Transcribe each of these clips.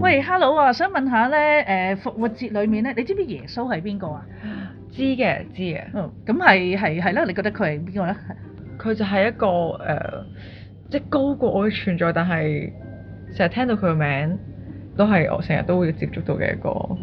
喂，hello 啊，想問下咧，誒、呃、復活節裡面咧，你知唔知耶穌係邊個啊？知嘅，知嘅。嗯，咁係係係啦，你覺得佢係邊個咧？佢就係一個誒，即、呃、係、就是、高過我嘅存在，但係成日聽到佢嘅名，都係我成日都會接觸到嘅一個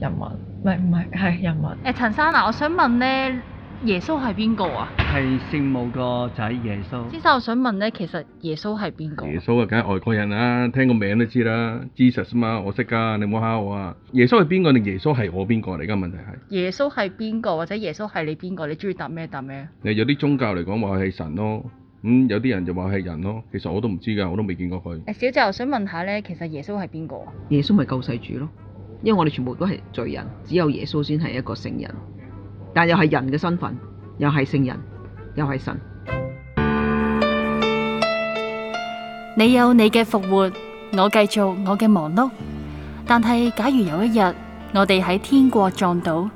人物。唔係唔係，係人物。誒、欸，陳生啊，我想問咧。耶穌係邊個啊？係聖母個仔耶穌。先生，我想問咧，其實耶穌係邊個？耶穌啊，梗係外國人啦，聽個名都知啦，Jesus 嘛，我識噶，你唔好嚇我啊。耶穌係邊個定耶穌係我邊個嚟？而家問題係。耶穌係邊個？或者耶穌係你邊個？你中意答咩答咩？誒，有啲宗教嚟講話係神咯，咁有啲人就話係人咯。其實我都唔知㗎，我都未見過佢。誒，小姐，我想問下咧，其實耶穌係邊個？耶穌咪救世主咯，因為我哋全部都係罪人，只有耶穌先係一個聖人。但又係人嘅身份，又係聖人，又係神。你有你嘅復活，我繼續我嘅忙碌。但係假如有一日，我哋喺天國撞到。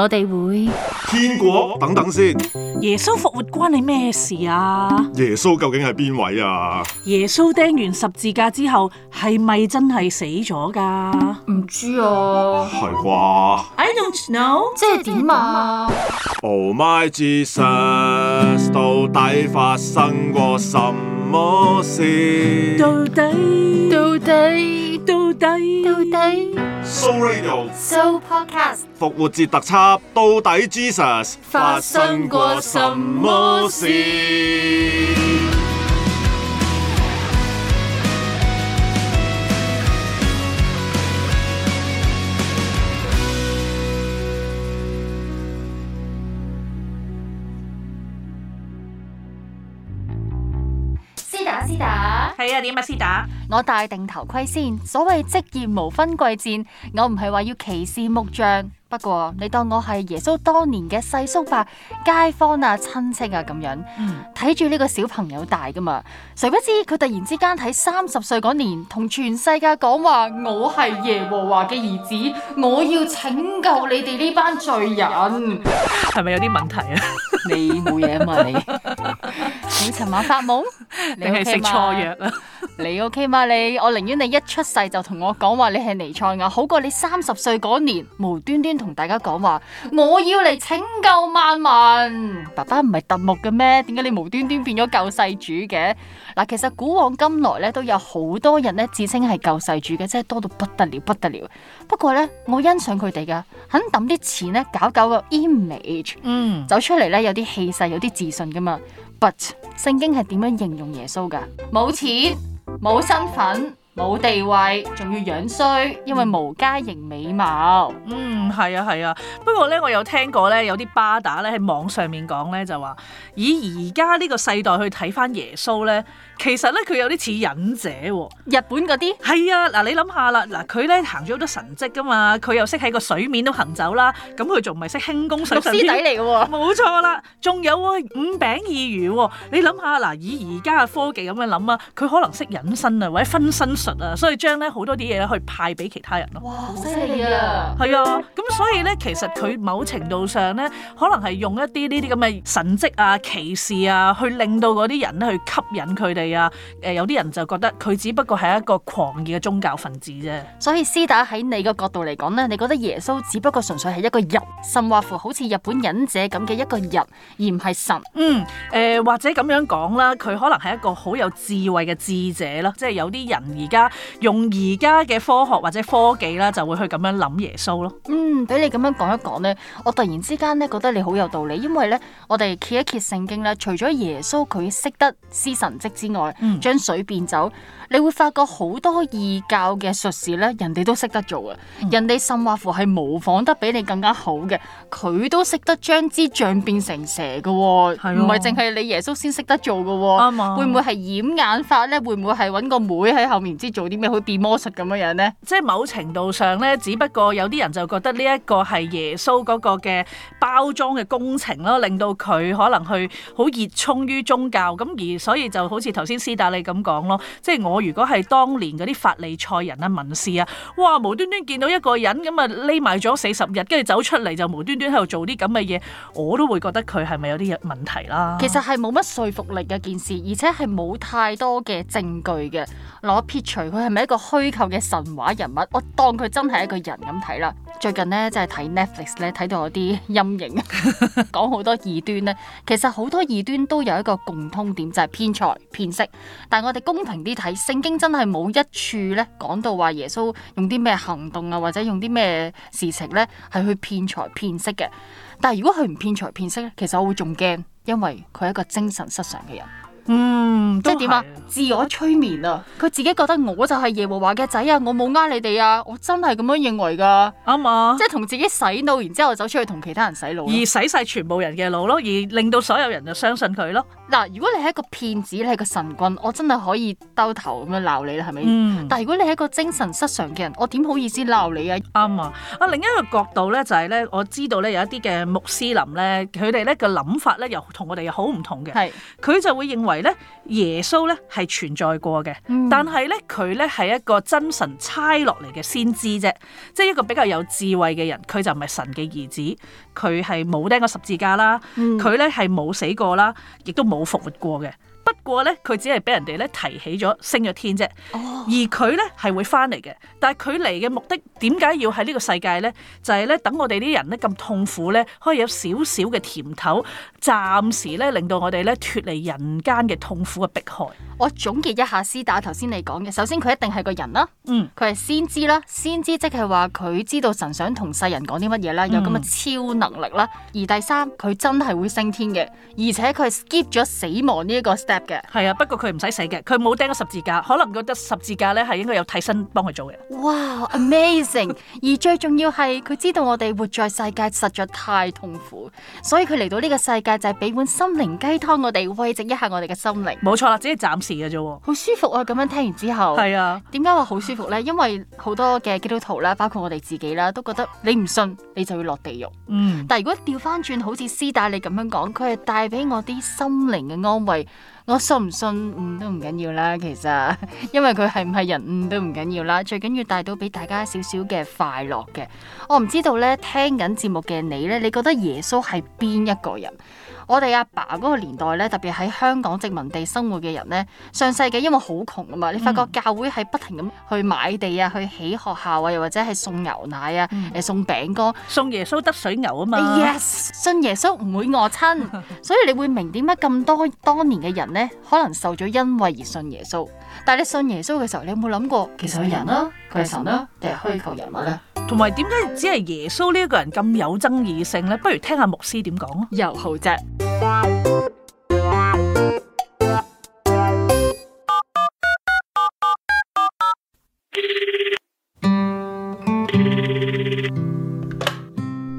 我哋會，天國等等先。耶穌復活關你咩事啊？耶穌究竟係邊位啊？耶穌釘完十字架之後，係咪真係死咗噶？唔知啊。係啩？I don't know。即係點啊？Oh my Jesus，到底發生過什麼事？到底到底到底到底。So radio。So podcast。復活節特輯到底 Jesus 發生過什麼事？絲打絲打，係啊？點啊？ hey, 絲打，我戴定頭盔先。所謂職業無分貴賤，我唔係話要歧視木匠。不過你當我係耶穌當年嘅世叔伯、街坊啊、親戚啊咁樣，睇住呢個小朋友大噶嘛？誰不知佢突然之間喺三十歲嗰年，同全世界講話：我係耶和華嘅兒子，我要拯救你哋呢班罪人，係咪有啲問題啊？你冇嘢嘛？ 你你尋晚發夢你係食錯藥啦？你 OK 嗎？你我寧願你一出世就同我講話，你係彌賽亞噶，好過你三十歲嗰年無端端同大家講話，我要嚟拯救萬民。爸爸唔係特務嘅咩？點解你無端端變咗救世主嘅？嗱，其實古往今來咧都有好多人咧自稱係救世主嘅，真係多到不得了不得了。不過咧，我欣賞佢哋噶，肯抌啲錢咧搞搞個 image，嗯，走出嚟咧有啲氣勢，有啲自信噶嘛。But 聖經係點樣形容耶穌噶？冇錢。冇身份。冇地位，仲要樣衰，因為無家型美貌。嗯，係啊，係啊。不過咧，我有聽過咧，有啲巴打咧喺網上面講咧，就話以而家呢個世代去睇翻耶穌咧，其實咧佢有啲似忍者、哦，日本嗰啲。係啊，嗱你諗下啦，嗱佢咧行咗好多神蹟噶嘛，佢又識喺個水面都行走啦，咁佢仲唔係識輕功水上，師弟嚟嘅喎。冇錯啦，仲有啊五餅二魚、哦。你諗下嗱，以而家嘅科技咁樣諗啊，佢可能識隱身啊，或者分身。啊，所以將咧好多啲嘢咧去派俾其他人咯。哇，好犀利啊！係啊，咁所以咧，其實佢某程度上咧，可能係用一啲呢啲咁嘅神蹟啊、奇事啊，去令到嗰啲人咧去吸引佢哋啊。誒、呃，有啲人就覺得佢只不過係一個狂熱嘅宗教分子啫。所以絲打喺你個角度嚟講咧，你覺得耶穌只不過純粹係一個人，甚或乎好似日本忍者咁嘅一個人，而唔係神。嗯，誒、呃、或者咁樣講啦，佢可能係一個好有智慧嘅智者啦，即係有啲人而家用而家嘅科學或者科技啦，就會去咁樣諗耶穌咯。嗯，俾你咁樣講一講咧，我突然之間咧覺得你好有道理，因為咧我哋揭一揭聖經咧，除咗耶穌佢識得施神跡之外，將水變酒，嗯、你會發覺好多異教嘅術士咧，人哋都識得做嘅，嗯、人哋甚或乎係模仿得比你更加好嘅，佢都識得將支杖變成蛇嘅，唔係淨係你耶穌先識得做嘅喎。啱啊、嗯！會唔會係掩眼法咧？會唔會係揾個妹喺後面？知做啲咩？好似變魔術咁樣樣咧，即係某程度上咧，只不過有啲人就覺得呢一個係耶穌嗰個嘅包裝嘅工程咯，令到佢可能去好熱衷於宗教咁，而所以就好似頭先斯達利咁講咯，即係我如果係當年嗰啲法利賽人啊、文士啊，哇無端端見到一個人咁啊，匿埋咗四十日，跟住走出嚟就無端端喺度做啲咁嘅嘢，我都會覺得佢係咪有啲問題啦？其實係冇乜說服力嘅件事，而且係冇太多嘅證據嘅攞除佢係咪一個虛構嘅神話人物，我當佢真係一個人咁睇啦。最近呢，真係睇 Netflix 咧，睇到有啲陰影，講好多異端咧。其實好多異端都有一個共通點，就係騙財騙色。但係我哋公平啲睇，聖經真係冇一處咧講到話耶穌用啲咩行動啊，或者用啲咩事情咧係去騙財騙色嘅。但係如果佢唔騙財騙色咧，其實我會仲驚，因為佢係一個精神失常嘅人。嗯，即係點啊？自我催眠啊！佢自己覺得我就係耶和華嘅仔啊！我冇呃你哋啊！我真係咁樣認為噶，啱啊、嗯，即係同自己洗腦，然之後走出去同其他人洗腦，而洗晒全部人嘅腦咯，而令到所有人就相信佢咯。嗱、啊，如果你係一個騙子，你係個神棍，我真係可以兜頭咁樣鬧你啦，係咪？嗯、但係如果你係一個精神失常嘅人，我點好意思鬧你啊？啱啊、嗯嗯嗯。啊，另一個角度咧就係咧，我知道咧有一啲嘅穆斯林咧，佢哋咧嘅諗法咧又同我哋又好唔同嘅。係。佢就會認為，為咧耶穌咧係存在過嘅，但係咧佢咧係一個真神差落嚟嘅先知啫，即係一個比較有智慧嘅人，佢就唔係神嘅兒子，佢係冇釘過十字架啦，佢咧係冇死過啦，亦都冇復活過嘅。不過咧，佢只係俾人哋咧提起咗升咗天啫，oh. 而佢咧係會翻嚟嘅。但係佢嚟嘅目的點解要喺呢個世界咧？就係咧等我哋啲人咧咁痛苦咧，可以有少少嘅甜頭，暫時咧令到我哋咧脫離人間嘅痛苦嘅迫害。我總結一下絲打頭先你講嘅，首先佢一定係個人啦，嗯，佢係先知啦，先知即係話佢知道神想同世人講啲乜嘢啦，有咁嘅超能力啦。嗯、而第三佢真係會升天嘅，而且佢係 skip 咗死亡呢一個。係啊，不過佢唔使死嘅，佢冇釘過十字架，可能覺得十字架咧係應該有替身幫佢做嘅。哇，amazing！ 而最重要係佢知道我哋活在世界實在太痛苦，所以佢嚟到呢個世界就係俾碗心靈雞湯我哋慰藉一下我哋嘅心靈。冇錯啦，只係暫時嘅啫。好舒服啊！咁樣聽完之後，係啊的。點解話好舒服咧？因為好多嘅基督徒咧，包括我哋自己啦，都覺得你唔信你就要落地獄。嗯。但係如果調翻轉，好似絲打你咁樣講，佢係帶俾我啲心靈嘅安慰。我信唔信、嗯、都唔緊要啦，其實，因為佢係唔係人都唔緊要啦，最緊要帶到俾大家少少嘅快樂嘅。我唔知道咧，聽緊節目嘅你咧，你覺得耶穌係邊一個人？我哋阿爸嗰個年代咧，特別喺香港殖民地生活嘅人咧，上世紀因為好窮啊嘛，你發覺教會係不停咁去買地啊，去起學校啊，又或者係送牛奶啊，誒、嗯、送餅乾，送耶穌得水牛啊嘛。Yes，信耶穌唔會餓親， 所以你會明點解咁多當年嘅人咧，可能受咗恩惠而信耶穌。但係你信耶穌嘅時候，你有冇諗過，其實佢人啦、啊，佢係神啦、啊，定係、啊啊、虛構人物、啊、咧？同埋，點解只係耶穌呢一個人咁有爭議性咧？不如聽下牧師點講咯。又好啫。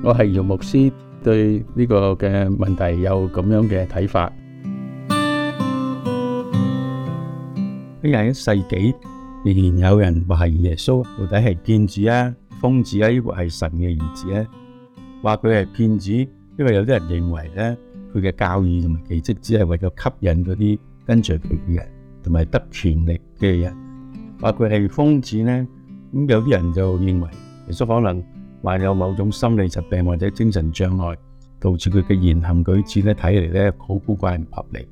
我係姚牧師，對呢個嘅問題有咁樣嘅睇法。喺廿一世紀，仍然有人懷疑耶穌，到底係騙子啊？瘋子啊，呢個係神嘅兒子咧，話佢係騙子，因為有啲人認為咧，佢嘅教義同埋奇迹只係為咗吸引嗰啲跟隨佢嘅人，同埋得權力嘅人，話佢係瘋子咧，咁有啲人就認為耶穌可能患有某種心理疾病或者精神障礙，導致佢嘅言行舉止咧睇嚟咧好古怪唔合理。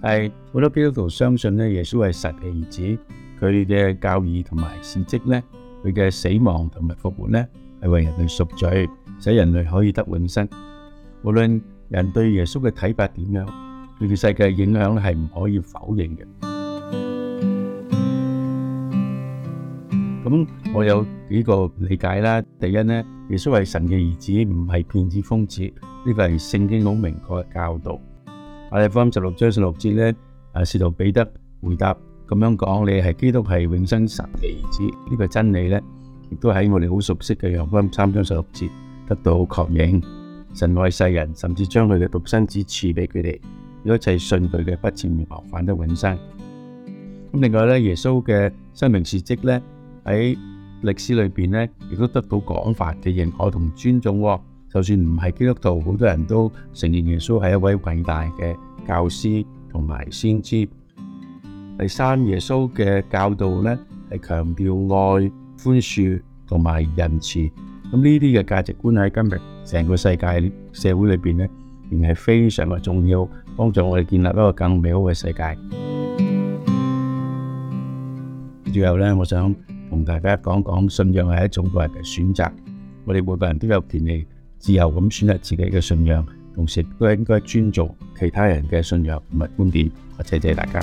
但係好多基督徒相信咧，耶穌係神嘅兒子，佢嘅教義同埋事迹咧。佢嘅死亡同埋復活咧，係為人類贖罪，使人類可以得永生。無論人對耶穌嘅睇法點樣，佢對世界嘅影響係唔可以否認嘅。咁我有幾個理解啦。第一咧，耶穌係神嘅兒子，唔係騙子、瘋子，呢個係聖經好明確嘅教導。雅各福音十六章十六節咧，誒西門彼得回答。咁樣講，你係基督係永生神嘅兒子，呢個真理咧，亦都喺我哋好熟悉嘅《約翰三章十六節》得到確認。神愛世人，甚至將佢嘅獨生子賜俾佢哋，如果一切信佢嘅，不致滅亡，反得永生。咁另外咧，耶穌嘅生平事蹟咧喺歷史裏邊咧，亦都得到廣泛嘅認可同尊重。就算唔係基督徒，好多人都承認耶穌係一位偉大嘅教師同埋先知。第三，耶穌嘅教導呢，係強調愛、寬恕同埋仁慈，咁呢啲嘅價值觀喺今日成個世界社會裏面呢，仍然係非常嘅重要，幫助我哋建立一個更美好嘅世界。最後呢，我想同大家講講，信仰係一種個人嘅選擇，我哋每個人都有權利自由咁選擇自己嘅信仰，同時都應該尊重其他人嘅信仰同埋觀點。我謝謝大家。